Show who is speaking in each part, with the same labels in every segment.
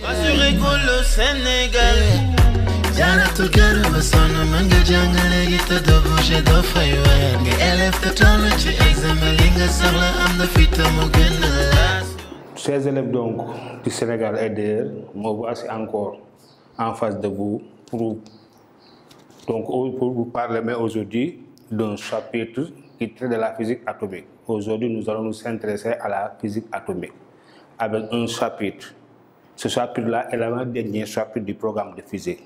Speaker 1: Assurez que le Sénégal Jana tukaru basono manga jangale gita dobu je do fay wer Nga élève te tollu ci examen li de soxla am na fita mu Chers élèves donc du Sénégal et moi vous encore en face de vous pour, donc, pour vous parler mais aujourd'hui d'un chapitre qui traite de la physique atomique. Aujourd'hui, nous allons nous intéresser à la physique atomique avec un chapitre ce chapitre-là est l'avant-dernier chapitre du programme de fusée.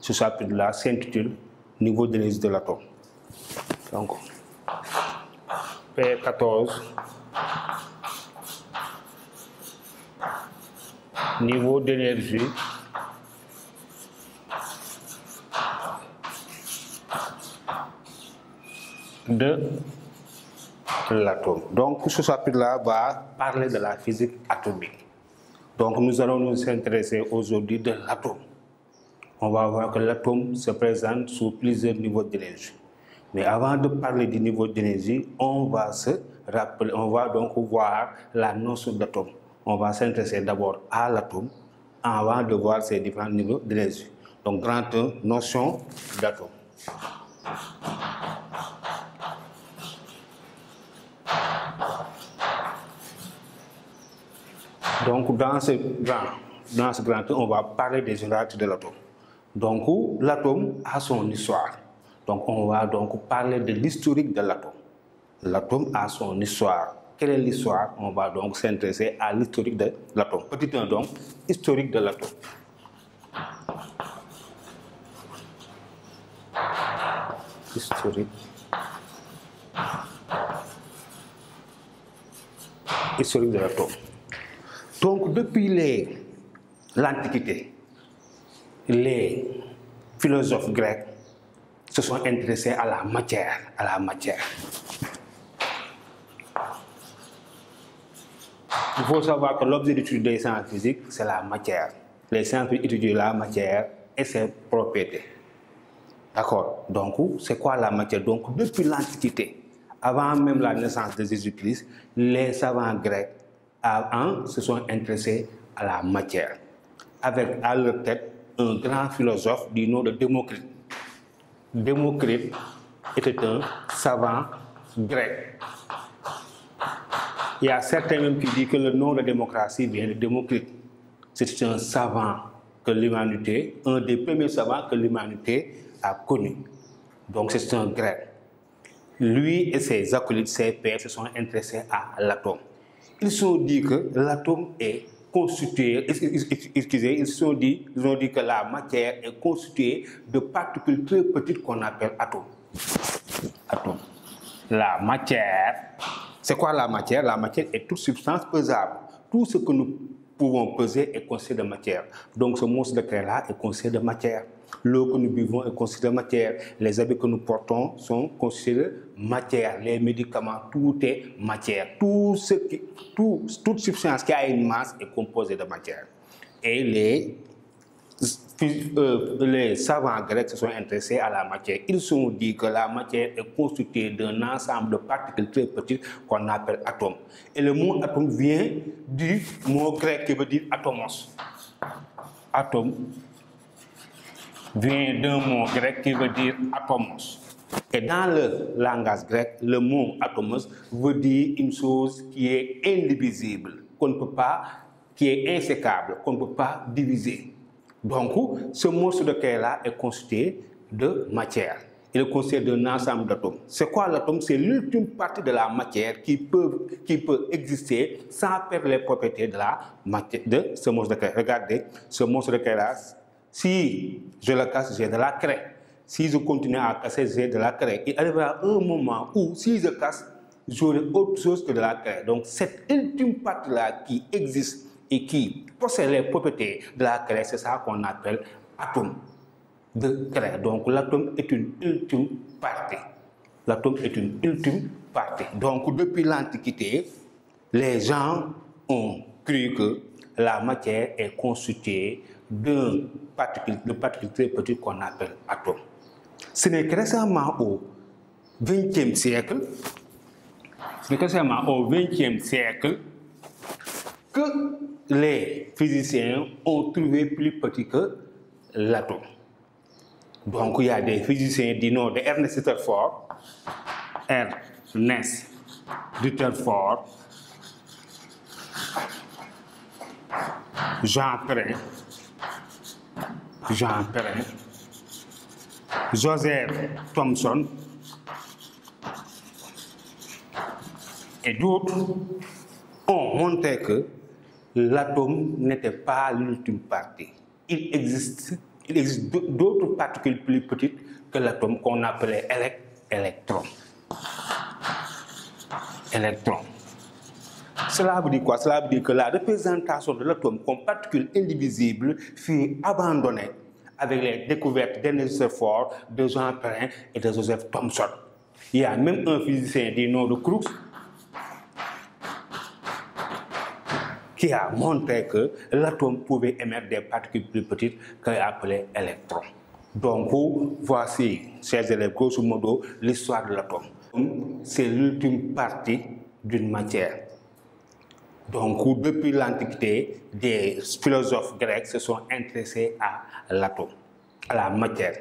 Speaker 1: Ce chapitre-là s'intitule Niveau d'énergie de l'atome. Donc, P14, niveau d'énergie de l'atome. Donc, ce chapitre-là va parler de la physique atomique. Donc nous allons nous intéresser aujourd'hui de l'atome. On va voir que l'atome se présente sous plusieurs niveaux d'énergie. Mais avant de parler du niveau d'énergie, on va se rappeler, on va donc voir la notion d'atome. On va s'intéresser d'abord à l'atome avant de voir ses différents niveaux d'énergie. Donc, grande notion d'atome. Donc, dans ce grand, dans ce grand on va parler des unités de l'atome. Donc, l'atome a son histoire. Donc, on va donc parler de l'historique de l'atome. L'atome a son histoire. Quelle est l'histoire On va donc s'intéresser à l'historique de l'atome. Petit 1, donc, historique de l'atome. Historique. Historique de l'atome. Donc depuis l'Antiquité, les, philosophes grecs se sont intéressés à la matière, à la matière. Il faut savoir que l'objet d'étude des sciences physiques, c'est la matière. Les sciences étudient la matière et ses propriétés. D'accord Donc, c'est quoi la matière Donc, depuis l'Antiquité, avant même la naissance de Jésus-Christ, les savants grecs un, se sont intéressés à la matière, avec à leur tête un grand philosophe du nom de Démocrite. Démocrite était un savant grec. Il y a certains même qui disent que le nom de démocratie vient de Démocrite. c'est un savant que l'humanité, un des premiers savants que l'humanité a connu. Donc c'est un grec. Lui et ses acolytes, ses pères, se sont intéressés à l'atome ils ont dit que l'atome est constitué, excusez, ils ont dit, ils ont dit que la matière est constituée de particules très petites qu'on appelle atomes. Atomes. La matière, c'est quoi la matière La matière est toute substance pesable. Tout ce que nous pouvons peser est considéré de matière. Donc ce monstre de terre-là est considéré de matière. L'eau que nous buvons est considérée matière. Les habits que nous portons sont considérés matière. Les médicaments, tout est matière. Tout ce qui, toute substance qui a une masse est composée de matière. Et les, euh, les savants grecs se sont intéressés à la matière. Ils se sont dit que la matière est constituée d'un ensemble de particules très petites qu'on appelle atomes. Et le mot atome vient du mot grec qui veut dire atomos. Atome vient d'un mot grec qui veut dire atomos. Et dans le langage grec, le mot atomos veut dire une chose qui est indivisible, qu'on ne peut pas, qui est insécable, qu'on ne peut pas diviser. Donc, ce morceau de terre est constitué de matière. Il est constitué d'un ensemble d'atomes. C'est quoi l'atome C'est l'ultime partie de la matière qui peut, qui peut exister sans perdre les propriétés de, la matière, de ce morceau de terre. Regardez, ce morceau de terre si je la casse, j'ai de la craie. Si je continue à casser, j'ai de la craie. Il arrivera un moment où, si je casse, j'aurai autre chose que de la craie. Donc, cette ultime partie-là qui existe et qui possède les propriétés de la craie, c'est ça qu'on appelle atome de craie. Donc, l'atome est une ultime partie. L'atome est une ultime partie. Donc, depuis l'Antiquité, les gens ont cru que la matière est constituée d'une particule, particule, très petite qu'on appelle atome. Ce n'est que récemment au XXe siècle, ce n'est que récemment au XXe siècle que les physiciens ont trouvé plus petit que l'atome. Donc il y a des physiciens du nom de Ernest Rutherford, Ernest Rutherford, Jean Perrin, Jean Perrin, Joseph Thompson et d'autres ont montré que l'atome n'était pas l'ultime partie. Il existe, il existe d'autres particules plus petites que l'atome qu'on appelait électron. Électron. Cela veut dire quoi Cela veut dire que la représentation de l'atome comme particule indivisible fut abandonnée avec les découvertes d'Ernest Ford, de Jean Perrin et de Joseph Thomson. Il y a même un physicien du nom de Crookes qui a montré que l'atome pouvait émettre des particules plus petites qu'on appelait électrons. Donc, voici, chers élèves, grosso modo, l'histoire de l'atome. C'est l'ultime partie d'une matière. Donc, depuis l'Antiquité, des philosophes grecs se sont intéressés à l'atome, à la matière.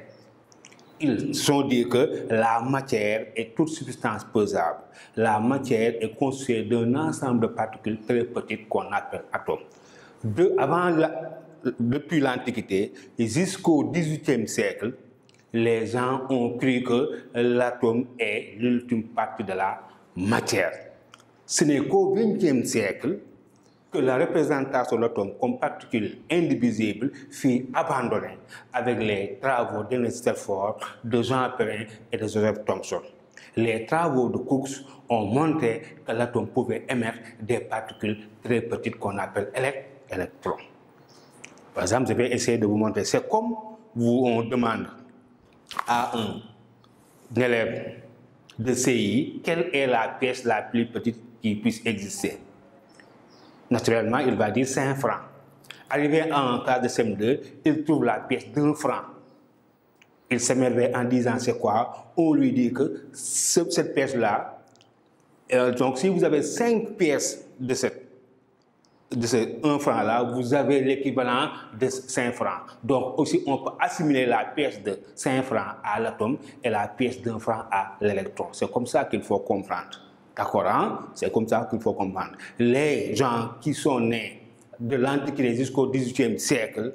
Speaker 1: Ils sont dit que la matière est toute substance pesable. La matière est constituée d'un ensemble de particules très petites qu'on appelle atomes. depuis l'Antiquité jusqu'au XVIIIe siècle, les gens ont cru que l'atome est l'ultime partie de la matière. Ce n'est qu'au XXe siècle que la représentation de l'atome comme particule indivisible fut abandonnée avec les travaux d'Ernest Stelford, de Jean Perrin et de Joseph Thomson. Les travaux de Cooks ont montré que l'atome pouvait émettre des particules très petites qu'on appelle électrons. Par exemple, je vais essayer de vous montrer. C'est comme vous, on demande à un élève de CI quelle est la pièce la plus petite qui puisse exister. Naturellement, il va dire 5 francs. Arrivé en un cas de CM2, il trouve la pièce d'un franc. Il s'émerveille en disant c'est quoi On lui dit que cette pièce-là, euh, donc si vous avez 5 pièces de cette de ces 1 franc là, vous avez l'équivalent de 5 francs. Donc aussi, on peut assimiler la pièce de 5 francs à l'atome et la pièce d'un franc à l'électron. C'est comme ça qu'il faut comprendre. D'accord Coran, hein? C'est comme ça qu'il faut comprendre. Les gens qui sont nés de l'Antiquité jusqu'au XVIIIe siècle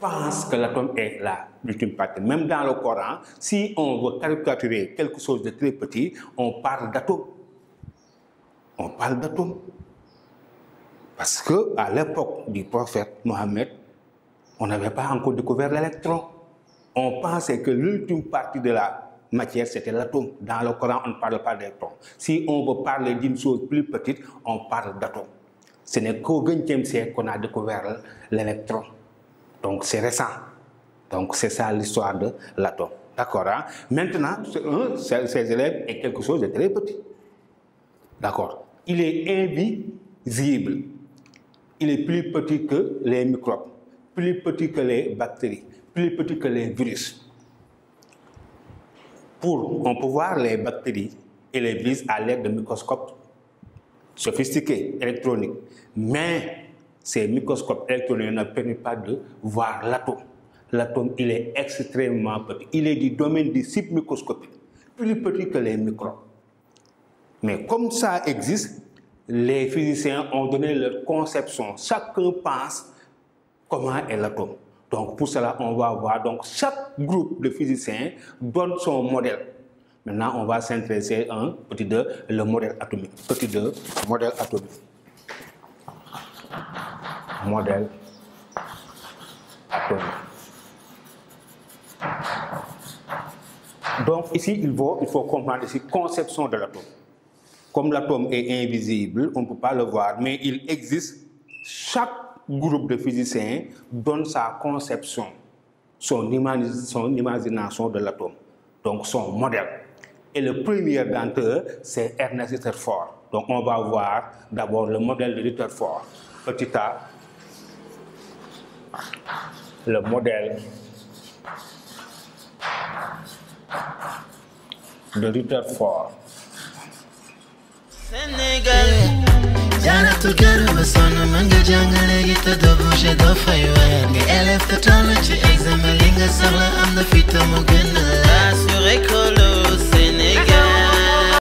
Speaker 1: pensent que l'atome est la l'ultime partie. Même dans le Coran, si on veut caricaturer quelque chose de très petit, on parle d'atome. On parle d'atome. Parce que à l'époque du prophète Mohammed, on n'avait pas encore découvert l'électron. On pensait que l'ultime partie de la matière, c'était l'atome. Dans le Coran, on ne parle pas d'atome. Si on veut parler d'une chose plus petite, on parle d'atome. Ce n'est qu'au XXe siècle qu'on a découvert l'électron. Donc c'est récent. Donc c'est ça l'histoire de l'atome. D'accord hein? Maintenant, hein, ces élèves est quelque chose de très petit. D'accord Il est invisible. Il est plus petit que les microbes, plus petit que les bactéries, plus petit que les virus on peut voir les bactéries et les vis à l'aide de microscopes sophistiqués, électroniques. Mais ces microscopes électroniques ne permettent pas de voir l'atome. L'atome, il est extrêmement petit. Il est du domaine des microscopique, plus petit que les microbes. Mais comme ça existe, les physiciens ont donné leur conception. Chacun pense comment est l'atome. Donc pour cela, on va voir, donc chaque groupe de physiciens donne son modèle. Maintenant, on va s'intéresser à un petit 2, le modèle atomique. Petit 2, modèle atomique. Modèle atomique. Donc ici, il faut, il faut comprendre ici conception de l'atome. Comme l'atome est invisible, on ne peut pas le voir, mais il existe chaque groupe de physiciens donne sa conception, son, son imagination de l'atome, donc son modèle. Et le premier d'entre eux, c'est Ernest Rutherford. Donc on va voir d'abord le modèle de Rutherford. Petit a, le modèle de Rutherford. Jana tukero basona manga jangale gita dobuje do faiwa Nga elef tatolo chi exam linga sala am da fita mugena Asure kolo